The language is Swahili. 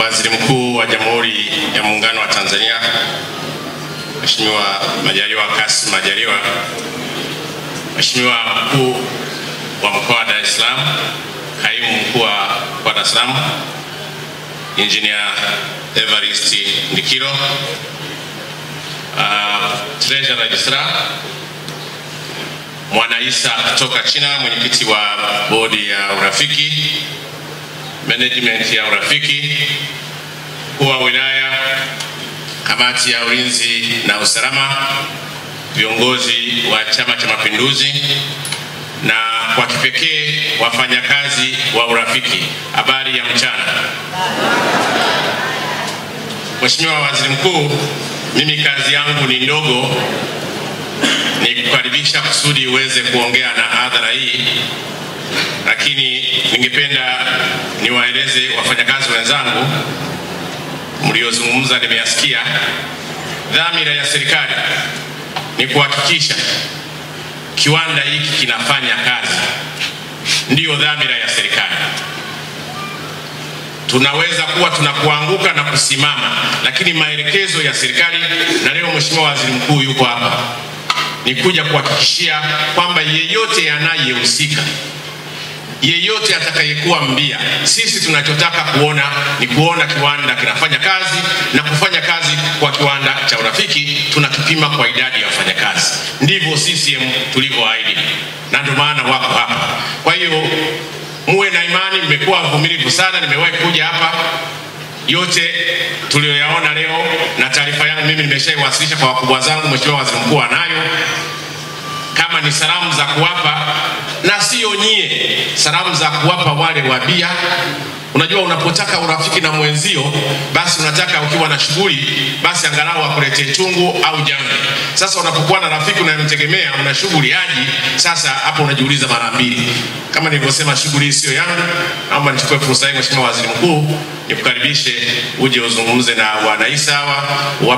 Waziri Mkuu wa Jamhuri ya Muungano wa Tanzania Mheshimiwa Majaliwa Kassim Majaliwa, Mheshimiwa Mkuu wa Mkoa wa Dar es Salaam, Kaimu Mkuu wa Mkoa wa Dar es Salaam Engineer Evarist Ndikiro, uh, Treasurer Registrar Mwanaisa kutoka China, mwenyekiti wa bodi ya urafiki management ya urafiki, kuu wa wilaya, kamati ya ulinzi na usalama, viongozi wa Chama cha Mapinduzi na kwa kipekee wafanyakazi wa urafiki, habari ya mchana. Mheshimiwa Waziri Mkuu, mimi kazi yangu ni ndogo, ni kukaribisha kusudi uweze kuongea na hadhara hii lakini ningependa niwaeleze wafanyakazi wenzangu mliozungumza, nimeyasikia. Dhamira ya serikali ni kuhakikisha kiwanda hiki kinafanya kazi, ndiyo dhamira ya serikali. Tunaweza kuwa tunakuanguka na kusimama, lakini maelekezo ya serikali, na leo Mheshimiwa Waziri Mkuu yuko hapa, ni kuja kuhakikishia kwamba yeyote anayehusika yeyote atakayekuwa mbia. Sisi tunachotaka kuona ni kuona kiwanda kinafanya kazi na kufanya kazi kwa kiwanda cha urafiki, tunakipima kwa idadi ya wafanyakazi. Ndivyo CCM tulivyoahidi, na ndio maana wako hapa. Kwa hiyo muwe na imani, mmekuwa vumilivu sana. Nimewahi kuja hapa yote tuliyoyaona leo na taarifa yangu mimi nimeshaiwasilisha kwa wakubwa zangu, mheshimiwa waziri mkuu anayo. Kama ni salamu za kuwapa na sio nyie. Salamu za kuwapa wale wabia. Unajua, unapotaka urafiki na mwenzio, basi unataka ukiwa na shughuli, basi angalau akuletee chungu au jamvi. Sasa unapokuwa na rafiki unayemtegemea, una shughuli aji, sasa hapo unajiuliza mara mbili. Kama nilivyosema, shughuli hii sio yangu. Naomba nichukue fursa hii, Mheshimiwa Waziri Mkuu, nikukaribishe uje uzungumze na wanaisawa. hawa.